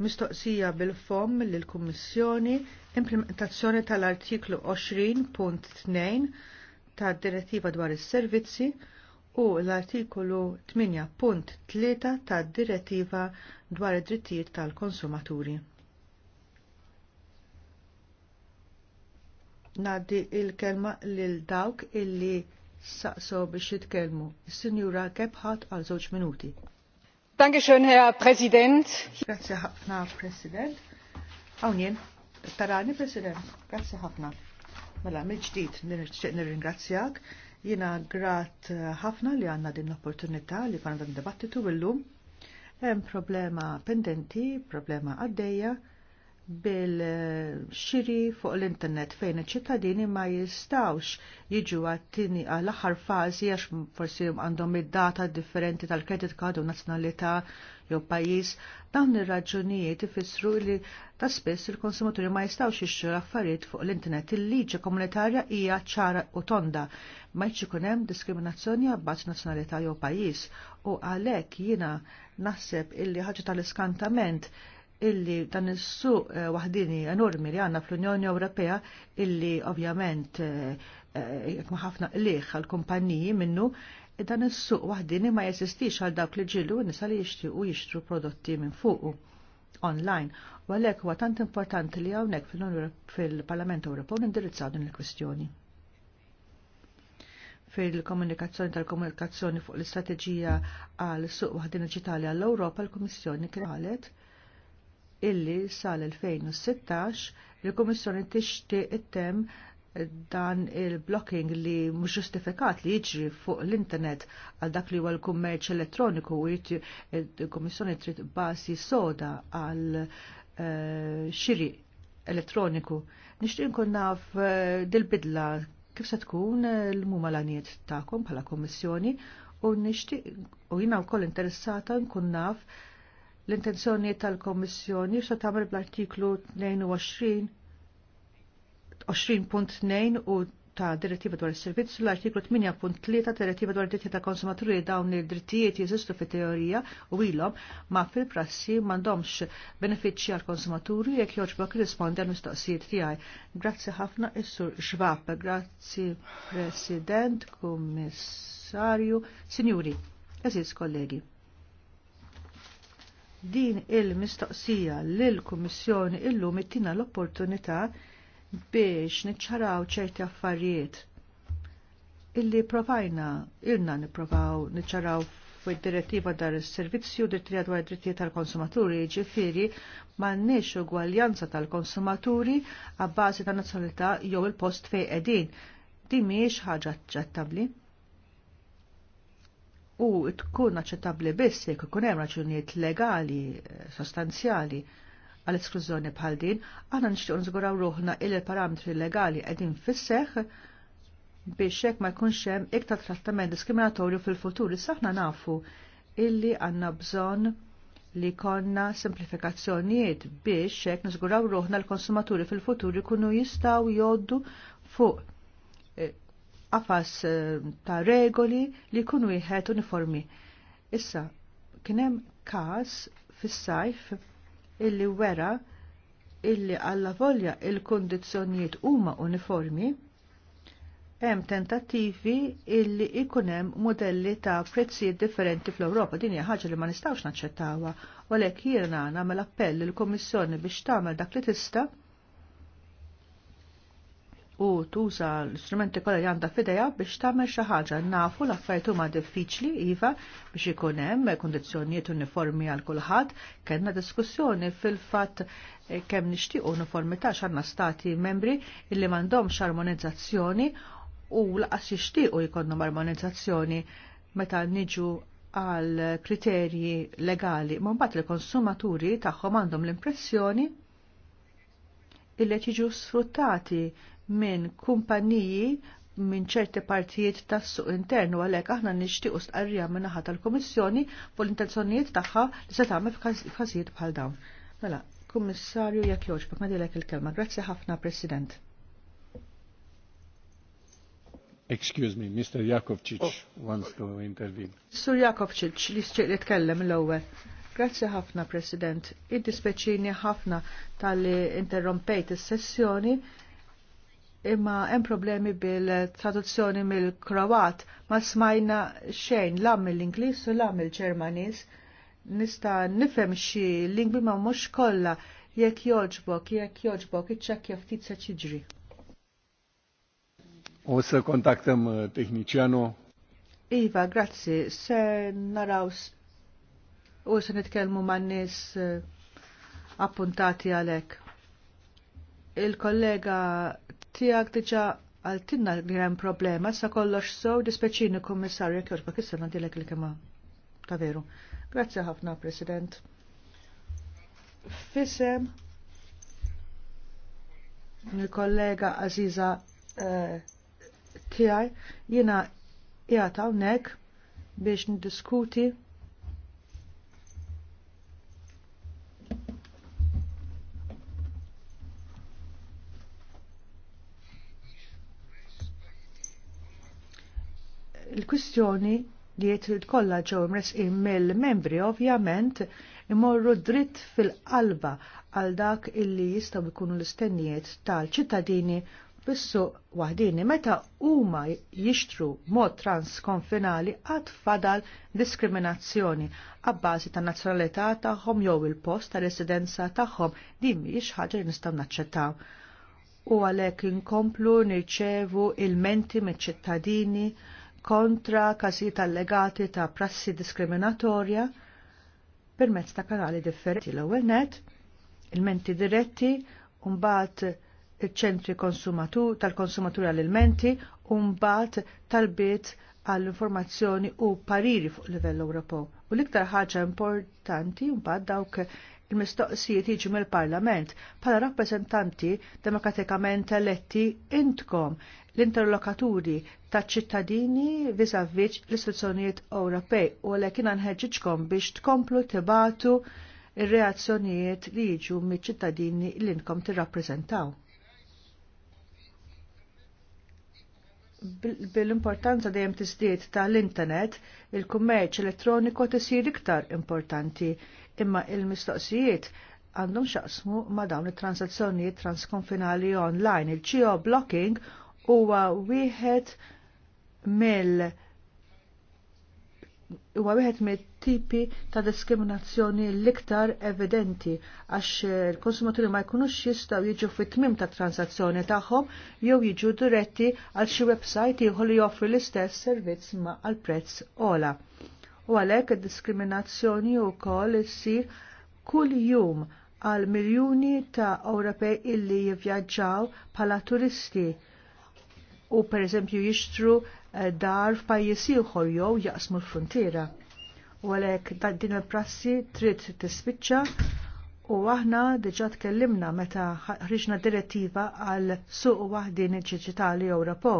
mistoqsija bil-fom lill-Kummissjoni implementazzjoni tal-artiklu 20.2 tad direttiva dwar is-servizzi u l-artiklu 8.3 tad direttiva dwar id-drittijiet tal-konsumaturi. Naddi il-kelma lil dawk illi saqsow biex jitkellmu. Is-Sinjura Gebhardt għal żewġ minuti. Dankeschön, Herr Präsident. Grazie ħafna, President. Hawnien, tarani, President. Grazie ħafna. Mela, mill-ġdid, nirringrazzjak. Jina grat ħafna li għanna din l-opportunità li għanna dan dibattitu illum. Hemm problema pendenti, problema għaddejja, bil-xiri fuq l-internet fejn iċ-ċittadini ma jistawx jiġu għattini għall aħħar fażi għax forsi għandhom id-data differenti tal-kredit kadu u nazzjonalità jew pajjiż, dawn ir-raġunijiet ifissru li ta' spiss il-konsumaturi ma jistawx jixtru affarijiet fuq l-internet. Il-liġi komunitarja hija ċara u tonda ma jċi hemm diskriminazzjoni għabbaċ nazzjonalità jew pajjiż u għalhekk jiena naħseb illi ħaġa tal-iskantament illi dan is-suq eh, waħdini enormi li għandna fl-Unjoni Ewropea illi ovvjament eh, jekk ma ħafna liħ għal-kumpaniji minnu dan is-suq waħdini ma jesistix għal dawk li ġillu nisa li jixtiequ jixtru prodotti minn fuqu online. U għalhekk huwa tant importanti li hawnhekk fil-Parlament Ewropew nindirizzaw din il-kwistjoni fil-komunikazzjoni tal-komunikazzjoni fuq l-istrateġija għal suq waħdin digitali għall-Ewropa l-Kummissjoni kienet illi sal-2016 il-Komissjoni tixtieq ittem dan il-blocking li mhux ġustifikat li jiġri fuq l-internet għal dak li huwa l-kummerċ elettroniku u il-Komissjoni trid basi soda għal eh, xiri elettroniku. Nixtieq nkun naf eh, dil-bidla kif se tkun eh, l-muma l-għaniet tagħkom bħala kommissjoni u nixtieq u jina u koll interessata nkun naf l-intenzjoni tal-Komissjoni se tagħmel bl-artiklu 22 u ta' direttiva dwar is-servizz l-artiklu 8.3 ta' direttiva dwar id dritti ta' konsumaturi dawn id-drittijiet jeżistu fit-teorija u ilhom ma fil-prassi m'għandhomx benefiċċji għal konsumaturi jekk jogħġbok rispondi għal mistoqsijiet tiegħi. Grazzi ħafna is-Sur Xvab. grazzi President, Kummissarju, Sinjuri, eżiz kollegi din il-mistoqsija lill-Kummissjoni illum ittina l-opportunità biex niċċaraw ċerti affarijiet illi provajna ilna niprovaw niċċaraw fuq direttiva dar is-servizzju dritti dwar drittijiet tal-konsumaturi ġifieri m'għandniex ugwaljanza tal-konsumaturi għabbażi ta' nazzjonalità jew il-post fejn qegħdin. Din mhijiex ħaġa aċċettabbli u tkun aċċettabbli biss jekk ikun hemm raġunijiet legali eh, sostanzjali għal esklużjoni bħal din, aħna nixtieq nżguraw ruħna il parametri legali qegħdin fisseħ biex hekk ma jkunx hemm iktar trattament diskriminatorju fil-futur issa aħna nafu illi għandna bżonn li konna simplifikazzjonijiet biex hekk niżguraw ruħna l-konsumaturi fil-futur ikunu jistgħu jgħoddu fuq qafas eh, ta' regoli li jkunu wieħed uniformi. Issa, kien hemm każ fis-sajf illi wera illi għalla volja il-kondizzjonijiet huma uniformi, hemm tentattivi illi ikun hemm modelli ta' prezzijiet differenti fl-Ewropa. Din hija ħaġa li ma nistgħux naċċettawha, għalhekk jiena nagħmel appell il kummissjoni biex tagħmel dak li tista' u tuża l-istrumenti kollha li għandha f'idejha biex tagħmel xi ħaġa. Nafu l-affarijiet huma diffiċli iva biex ikun hemm kundizzjonijiet uniformi għal kulħadd. Kellna diskussjoni fil-fatt kemm nixtiequ uniformità x'għandna stati membri illi m'għandhomx armonizzazzjoni u laqas jixtiequ jkollhom armonizzazzjoni meta niġu għal kriterji legali, ma mbagħad il-konsumaturi tagħhom għandhom l-impressjoni illi jiġu sfruttati minn kumpaniji minn ċerti partijiet tas suq internu għalhekk aħna nixtiequ stqarrija minn naħa tal-Kummissjoni fuq l-intenzjonijiet tagħha li se tagħmel f'każijiet bħal dawn. Mela, Kummissarju jekk jogħġbok nadilek il-kelma. Grazzi ħafna, President. Excuse me, Mr. Jakovčić oh. wants to intervene. Sur Jakovčić li xtieq li tkellem l-ewwel. Grazzi ħafna, President. Id-dispeċini ħafna tal-interrompejt is-sessjoni imma hemm problemi bil-traduzzjoni mill-Kroat ma smajna xejn lam mill-Ingliż u lam mill-Ġermaniż. Nista' nifhem xi lingwi ma mhux kollha jekk joġbok, jekk joġbok, iċċekkja ftit se ċiġri. U se kontaktem eh, teħniċjanu? Iva, grazzi, se naraw u se nitkellmu man nies eh, appuntati għalhekk. Il-kollega tiegħek diġà għaltinna li hemm problema, sa kollox so dispeċini kummissarju kjoġba kissana dilek li kema. Ta' veru. Grazzi ħafna, President. Fisem il-kollega Aziza tijaj, eh, tiegħi jiena jgħata hawnhekk biex ndiskuti kwistjoni li jtrid kollha ġew mresqin mill-membri ovvjament imorru dritt fil-qalba għal dak illi jistgħu jkunu l-istennijiet tal-ċittadini fissu waħdini meta huma jixtru mod transkonfinali għad fadal diskriminazzjoni għabbażi ta' nazzjonalità tagħhom jew il-post ta' residenza tagħhom din mhijiex ħaġa li nistgħu naċċettaw. U għalhekk inkomplu nirċevu il-menti miċ-ċittadini il kontra każijiet allegati ta' prassi diskriminatorja permezz ta' kanali differenti l-ewwel net, il-menti diretti, mbagħad iċ-ċentri tal-konsumatur għall-ilmenti, u mbagħad tal-bit għall-informazzjoni u pariri fuq livell Ewropew. U l-iktar ħaġa importanti mbagħad dawk il-mistoqsijiet jiġu mill-Parlament bħala rappreżentanti demokratikament eletti intkom l-interlokaturi ta' ċittadini vis-a-vis l-istituzzjonijiet Ewropej u għalek kien nħeġġiġkom biex tkomplu tibatu il reazzjonijiet li jiġu mill-ċittadini li inkom tirrappreżentaw. Bil-importanza dejjem ta' tal-internet, il-kummerċ elettroniku tisir iktar importanti, imma il-mistoqsijiet għandhom xaqsmu ma' dawn it-transazzjonijiet transkonfinali online, il ġio blocking huwa wieħed mill huwa wieħed mit-tipi ta' diskriminazzjoni l-iktar evidenti għax il-konsumaturi ma jkunux jistgħu jiġu fit-tmim ta' transazzjoni tagħhom jew jiġu diretti għal xi website ieħor li joffri l-istess servizz ma' għal prezz ola. U għalhekk id-diskriminazzjoni wkoll issir kull jum għal miljuni ta' Ewropej illi jivvjaġġaw bħala turisti u pereżempju jixtru eh, dar f'pajjiż ieħor jew jaqsmu l-frontiera. U għalhekk din il-prassi trid tispiċċa u aħna diġà tkellimna meta ħriġna direttiva għal suq waħdin ġiġitali Ewropo.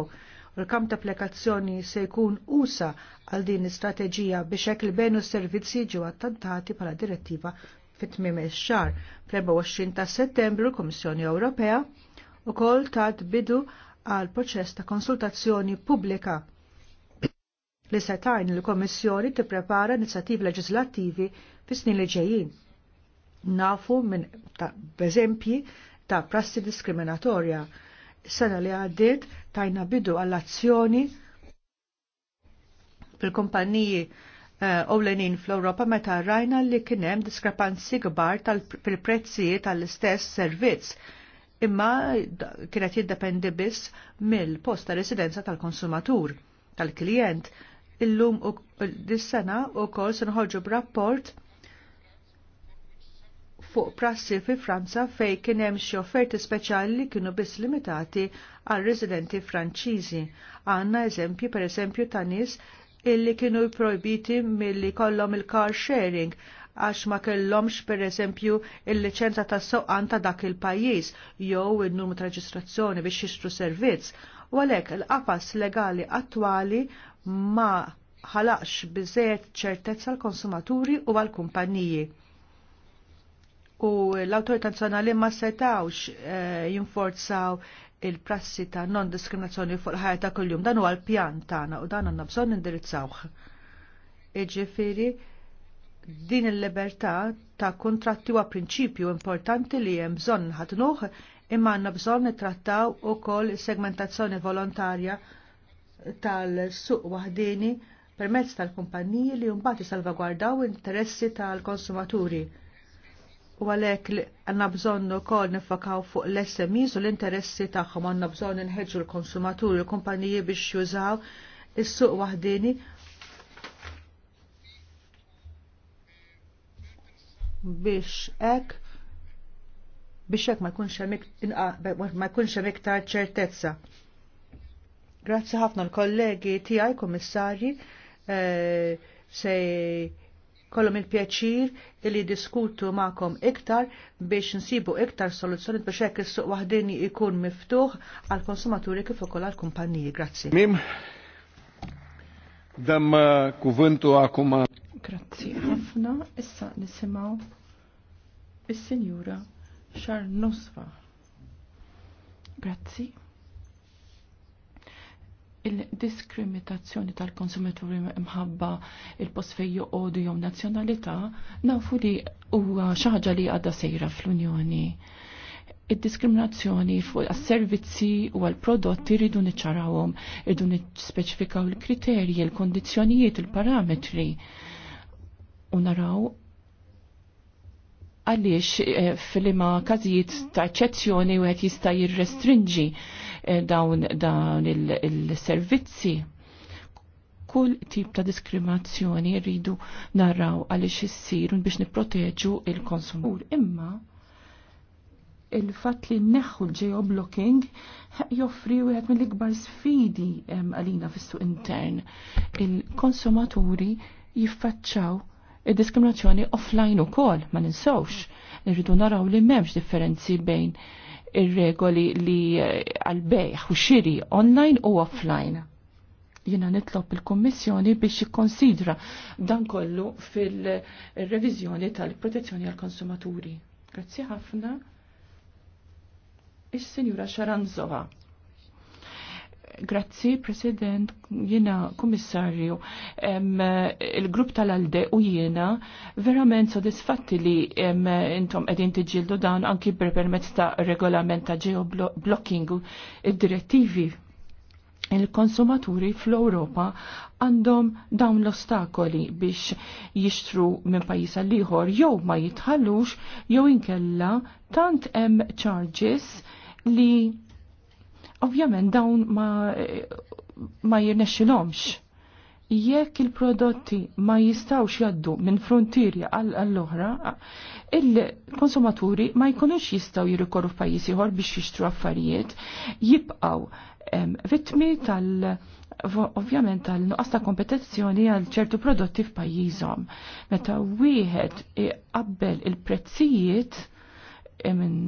U l-kamp ta' applikazzjoni se jkun usa għal din l-istrateġija biex hekk il benu u s-servizzi ġew attantati bħala direttiva fit-tmiem ix-xahar. Fl-24 ta' Settembru l-Kummissjoni Ewropea ukoll tad bidu għal proċess ta' konsultazzjoni pubblika li se tajn il-Komissjoni tipprepara inizjattivi leġislattivi fi snin li ġejjin. Nafu minn beżempji ta' prassi diskriminatorja. Sena li għaddiet tajna bidu għall-azzjoni fil-kumpaniji eh, ewlenin uh, fl-Ewropa meta rajna li kien hemm diskrepanzi kbar tal-prezzijiet tal-istess servizz imma kienet jiddependi biss mill-post ta' residenza tal-konsumatur, tal-klient. Illum u dis-sena u kol se nħorġu b'rapport fuq prassi fi Franza fej kien hemm xi offerti speċjali li kienu biss limitati għal residenti Franċiżi. Għandna eżempji pereżempju ta' nies illi kienu projbiti milli kollhom il-car sharing għax ma kellhomx pereżempju il-liċenza tas soqan ta' dak il-pajjiż jew in-numru ta' reġistrazzjoni biex jixtru servizz. U għalhekk il-qafas legali attwali ma ħalaqx biżejjed ċertezza l-konsumaturi u għall-kumpanniji. U l-autorità nazzjonali ma setawx eh, jinforzaw il-prassi ta' non-diskriminazzjoni fuq il-ħajja ta' kuljum dan huwa l-pjan tagħna u dan għandna bżonn indirizzawh. Iġifieri din il-libertà ta' kontratti huwa prinċipju importanti li hemm bżonn ħadnuh imma għandna bżonn nittrattaw ukoll segmentazzjoni volontarja tal-suq waħdini permezz tal-kumpanniji li mbagħad jisalvagwardaw interessi tal-konsumaturi. U għalhekk għandna bżonn ukoll nifakaw fuq l-SMEs u l-interessi tagħhom għandna bżonn inħeġġu l-konsumaturi u l-kumpaniji biex jużaw is-suq waħdini biex ek biex ek ma jkunx hemm iktar ċertezza. Grazzi ħafna l-kollegi tiegħi kummissarji eh, se kollom il-pjaċir illi diskutu ma'kom iktar biex nsibu iktar soluzzjoni biex hekk is-suq waħdini ikun miftuħ għal konsumaturi kif ukoll għal kumpaniji. Grazzi. Mim, dam uh, eh, kuvintu għakum Grazzi ħafna, issa nisimaw is-Sinjura Xar Nosva. Grazzi. Il-diskriminazzjoni tal-konsumaturi imħabba il-posfejju għodu jew nazzjonalità nafu li huwa xi ħaġa li għadda sejra fl-Unjoni id-diskriminazzjoni fuq għas-servizzi u għal-prodotti rridu niċċarawhom, rridu nispeċifikaw il-kriterji, il-kondizzjonijiet, il-parametri. il il parametri u naraw għaliex eh, fil-ma kazijiet ta' eccezzjoni u għet jista' jirrestringi eh, dawn, dawn il-servizzi. Kull tip ta' diskriminazzjoni rridu naraw għaliex jissir biex niproteġu il-konsumur. Imma il-fat li neħu l-ġeo blocking joffri u għet mill-ikbar sfidi għalina fis-suq intern. Il-konsumaturi jiffaċċaw il diskriminazzjoni offline u kol, ma ninsawx. Nirridu naraw li memx differenzi bejn ir-regoli li eh, għal-bejħ u xiri online u offline. Jena nitlob il-Kommissjoni biex jikkonsidra dan kollu fil-revizjoni tal-protezzjoni għal-konsumaturi. Grazzi ħafna. Is-Sinjura Xaranzova. Grazzi, President, jina komissarju, il-grupp tal-alde u jina verament sodisfatti li intom edin tiġildu dan anki permezz ta' regolament ta' geoblocking id-direttivi il-konsumaturi fl-Europa għandhom dawn l-ostakoli biex jixtru minn pajis għal-liħor jew ma jitħallux jew inkella tant hemm charges li Ovvjament dawn ma, ma jirnexxilhomx. Jekk il-prodotti ma jistawx jaddu minn frontirja għall-oħra, il-konsumaturi ma jkunux jistaw jirrikorru f'pajjiż ieħor biex jixtru affarijiet, jibqgħu vittmi tal- ovvjament tal-nuqqas ta' kompetizzjoni għal ċertu prodotti f'pajjiżhom. Meta wieħed iqabbel il-prezzijiet minn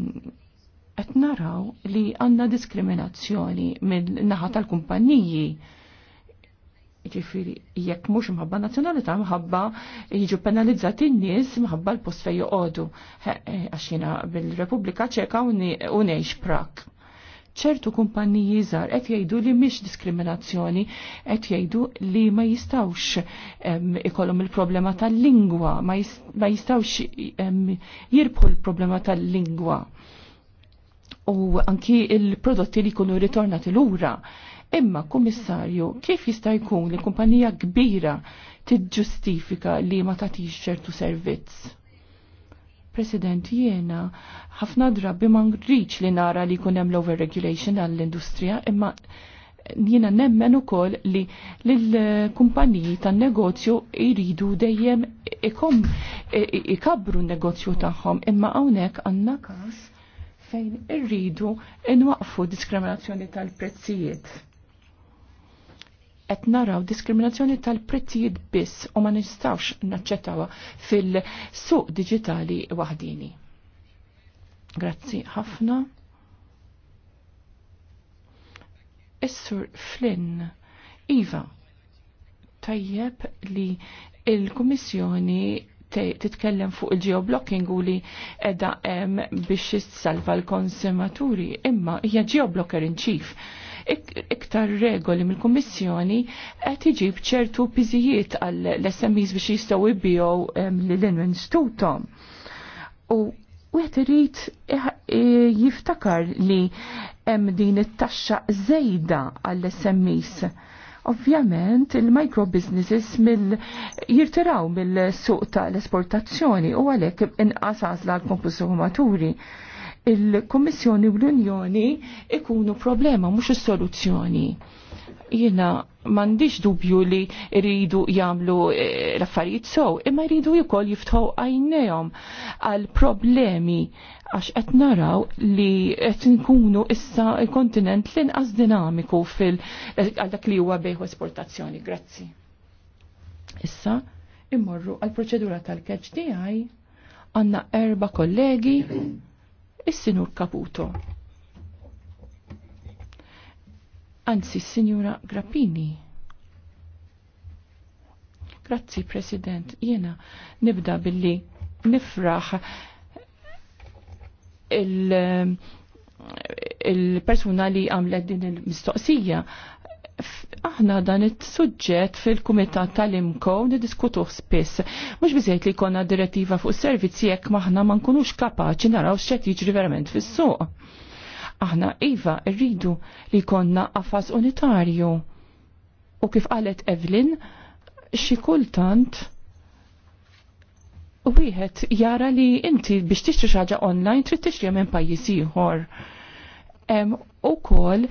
qed naraw li għandna diskriminazzjoni mill-naħa tal-kumpanniji ġifiri, jekk mux mħabba nazjonalità, mħabba jiġu penalizzati n-nis mħabba l-post fej joqodu. Eh, Għaxina bil-Repubblika ċeka u neħx prak. ċertu kumpanniji żgħar qed jgħidu li mhix diskriminazzjoni, qed jgħidu li ma jistawx ikollhom il-problema tal-lingwa, ma jistawx jirbħu l-problema tal-lingwa u anki il-prodotti li kunu ritornati lura. Imma, kummissarju, kif jista' jkun li kumpanija kbira tiġġustifika li ma tagħtix ċertu servizz? President, jiena ħafna drabi ma nriċ li nara li jkun hemm l-over regulation għall-industrija, imma jiena nemmen ukoll li l-kumpaniji tan-negozju jridu dejjem ikom ikabru n-negozju tagħhom, imma hawnhekk għandna każ fejn irridu inwaqfu diskriminazzjoni tal-prezzijiet. Et naraw diskriminazzjoni tal-prezzijiet biss u ma nistawx naċċettawa fil-suq digitali waħdini. Grazzi ħafna. Is-sur Flynn, Iva, tajjeb li il-Kummissjoni titkellem fuq il-geoblocking u li edha biex salva l-konsumaturi imma hija geoblocker in chief iktar regoli mill-Kummissjoni qed iġib ċertu piżijiet għall-SMEs biex jistgħu jbijow l-inwen stutom. U wieħed irid jiftakar li hemm din it-taxxa żejda għall-SMEs Ovvjament il-micro businesses mill jirtiraw mill-suq tal-esportazzjoni u għalek inqasas l-konsumaturi. Il-Kommissjoni u l-Unjoni ikunu problema mhux is-soluzzjoni. Jina mandiġ dubju li rridu jamlu l-affarijiet eh, sow, imma rridu jkoll jiftħu għajnejhom għal problemi għax qed naraw li qed nkunu issa kontinent l-inqas dinamiku fil eh, għal dak li huwa bejħu esportazzjoni. Grazzi. Issa immorru għal proċedura tal-catch DI għandna erba' kollegi is-sinur Caputo. Anzi, Signora Grappini. Grazzi, President. Jena nibda billi nifraħ il- il-persuna li għamlet din il-mistoqsija. Aħna dan it-sujġet fil-Kumitat tal-Imko diskutuħ spiss. Mux biżejt li konna direttiva fuq servizzi jekk maħna ma nkunux kapaċi naraw x'qed jiġri verament fis-suq Aħna iva rridu li konna qafas unitarju. U kif qalet Evelyn, xi kultant wieħed jara li inti biex tixtri xaġa online trid tixtri minn pajjiż ieħor u kol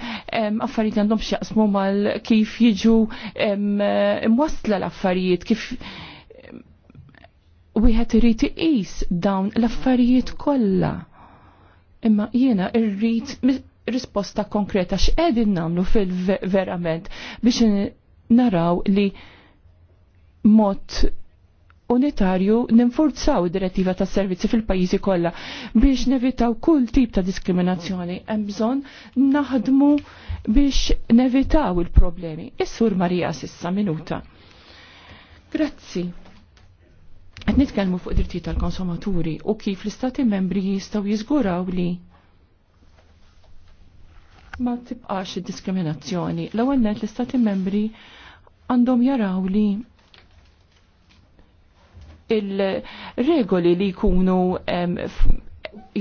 affarijiet għandhom xjaqsmu mal kif jiġu imwasla l-affarijiet, kif wieħed irid iqis dawn l-affarijiet kollha Imma jiena irrit risposta konkreta x'qegħdin nagħmlu fil-verament biex naraw li mod unitarju ninfurzaw id-direttiva ta' servizzi fil-pajjiżi kollha biex nevitaw kull tip ta' diskriminazzjoni. Hemm bżonn naħdmu biex nevitaw il-problemi. Is-Sur Marija sissa minuta. Grazzi. Qed nitkellmu fuq drittijiet tal-konsumaturi u kif l-istati membri jistgħu jiżguraw li ma tibqax id diskriminazzjoni. L-ewwel net l-istati membri għandhom jaraw li il-regoli li jkunu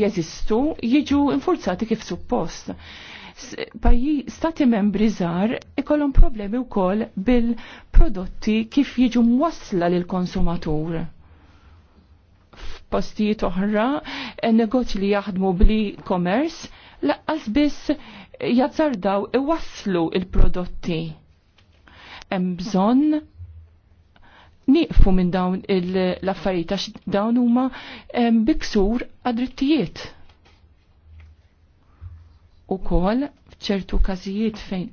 jeżistu jiġu infurzati kif suppost. Pajji stati membri zar ikollhom problemi wkoll bil-prodotti kif jiġu mwassla lill konsumatur postijiet oħra, e, negozji li jaħdmu bli commerce, laqqas biss jazzardaw iwasslu il-prodotti. Hemm bżonn nieqfu minn dawn l-affarijiet għax dawn huma e, biksur għadrittijiet. Ukoll f'ċertu każijiet fejn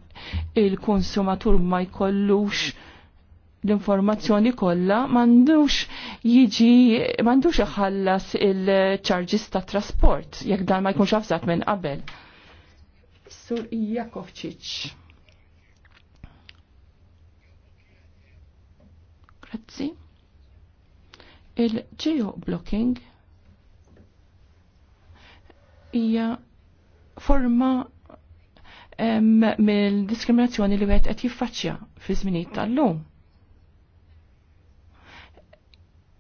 il-konsumatur ma jkollux l-informazzjoni kollha m'għandux jiġi m'għandux iħallas il-charges ta' trasport jekk dan ma jkunx afżat minn qabel. Sur Jakovčić. Grazzi. Il-geoblocking hija forma mill-diskriminazzjoni li wieħed qed jiffaċċja fi żminijiet tal-lum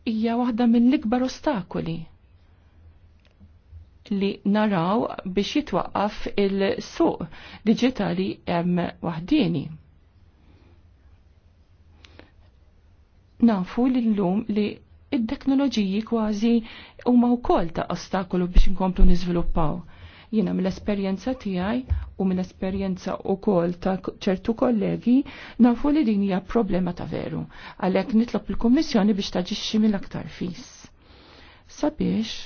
hija waħda mill-ikbar ostakoli li naraw biex jitwaqqaf il-suq digitali hemm waħdini. Nafu l-lum li id-teknoloġiji kważi huma wkoll ta' ostakolu biex inkomplu niżviluppaw Jiena mill-esperjenza tiegħi u mill-esperjenza wkoll ta' ċertu kollegi nafu li din hija problema ta' veru. Għalhekk nitlob il-Kummissjoni biex taġixxi mill-aktar fis. Sabiex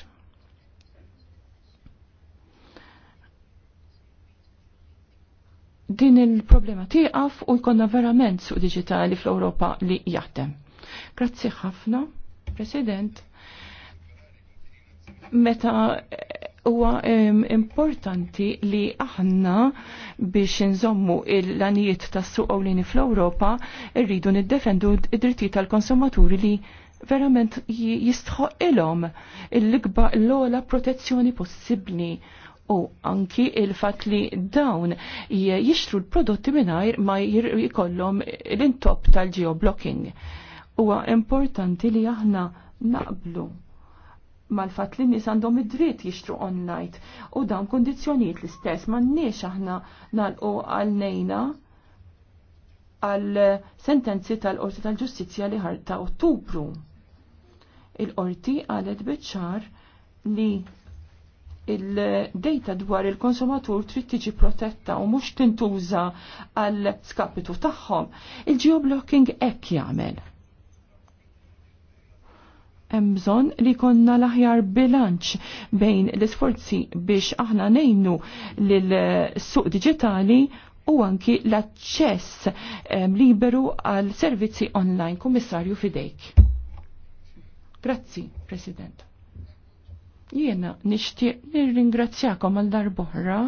din il-problema tieqaf u jkollna verament suq digitali fl-Ewropa li jaħdem. Grazzi ħafna, President meta huwa importanti li aħna biex nżommu l-anijiet tas-suq ewlieni fl-Ewropa rridu niddefendu id-drittijiet tal-konsumaturi li verament jistħoq ilhom l likba l-ola protezzjoni possibbli u anki il-fat li dawn jixtru l-prodotti mingħajr ma jkollhom l-intop tal-geoblocking. Huwa importanti li aħna naqblu mal-fat li nis għandhom id-dritt jixtru on u dawn kondizjoniet l-istess ma nniex aħna nal-u għal-nejna għal sentenzi tal-Qorti tal-Ġustizzja li ħarta Ottubru. Il-Qorti qalet bieċar li il dejta dwar il-konsumatur trid tiġi protetta u mhux tintuża għal skapitu tagħhom. Il-geoblocking hekk jagħmel hemm bżonn li konna l-aħjar bilanċ bejn l-isforzi biex aħna nejnu l suq digitali u anki l-aċċess eh, liberu għal servizzi online. Kummissarju fidejk. Grazzi, President. Jiena nixtieq nirringrazzjakom għal darbohra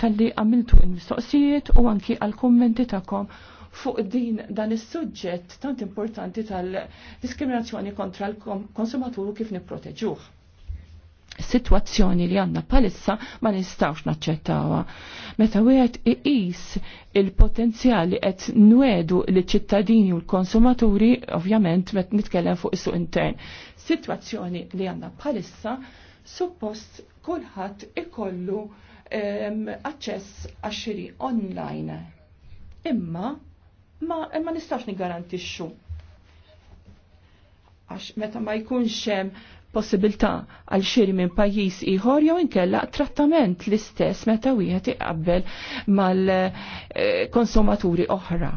tal-li għamiltu il-mistoqsijiet u anki għal kummenti tagħkom fuq din dan is-suġġett tant importanti tal-diskriminazzjoni kontra l-konsumatur kif nipproteġuh. Situazzjoni li għanna palissa ma nistawx naċċettawa. Meta wieħed iqis il-potenzjali qed nwedu liċ ċittadini u l-konsumaturi, ovvjament met nitkellem fuq is-suq intern. Situazzjoni li għanna palissa suppost kulħadd ikollu um, għax-xiri online. Imma ma, ma nistax nigarantixxu. Għax meta ma jkunx hemm possibilità għal xiri minn pajjiż ieħor jew inkella trattament l-istess meta wieħed iqabbel mal-konsumaturi oħra.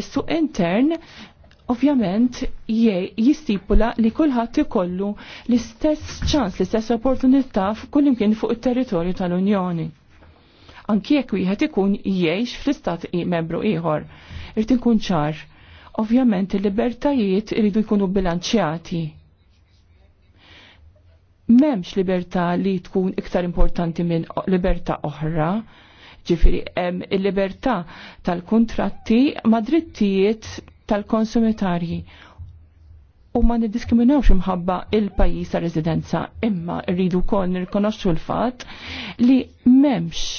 Is-suq intern ovvjament jistipula li kulħadd ikollu l-istess ċans, l-istess opportunità f'kull imkien fuq it-territorju tal-Unjoni. Anki jekk wieħed ikun jgħix fl-istat membru ieħor Irrid inkun ċar. Ovvjament il-libertajiet iridu jkunu bilanċjati. M'hemmx libertà li tkun iktar importanti minn libertà oħra, ġifiri hemm il-libertà tal-kontratti ma' drittijiet tal-konsumitarji u ma niddiskriminawx imħabba il-pajjiż ta' residenza, imma rridu wkoll nirkonoxxu l-fatt li m'hemmx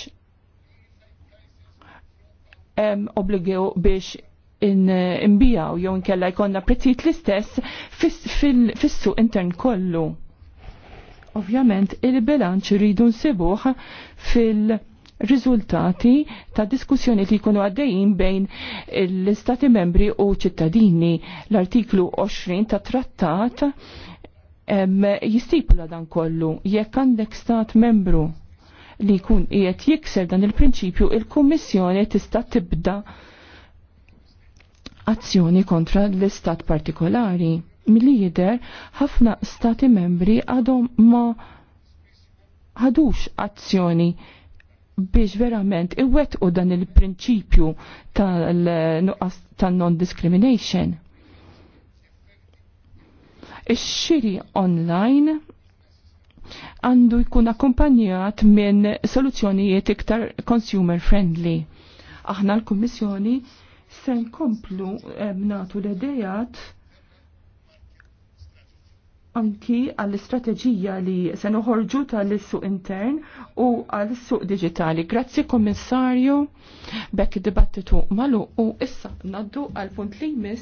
obbligu biex imbijaw jew inkella jkollna prezzijiet l-istess fis-suq intern kollu. Ovvjament il-bilanċ rridu nsibuh fil-riżultati ta' diskussjoni li jkunu għaddejjin bejn l-Istati membri u ċittadini. L-artiklu 20 ta' trattat jistipula dan kollu jekk għandek stat membru li jkun qiegħed jikser dan il-prinċipju il-Kummissjoni tista' tibda azzjoni kontra l-istat partikolari. Milli jidher ħafna stati membri għadhom ma ħadux azzjoni biex verament iwet u dan il-prinċipju tal-non-discrimination. Ix-xiri online għandu jkun akkumpanjat minn soluzzjonijiet iktar consumer friendly. Aħna l-Kummissjoni se nkomplu eh, nagħtu l-idejat anki għall-istrateġija li se noħorġu tal-suq intern u għall-suq digitali. Grazzi kommissarju, bekk dibattitu malu u issa naddu għal-punt li jmiss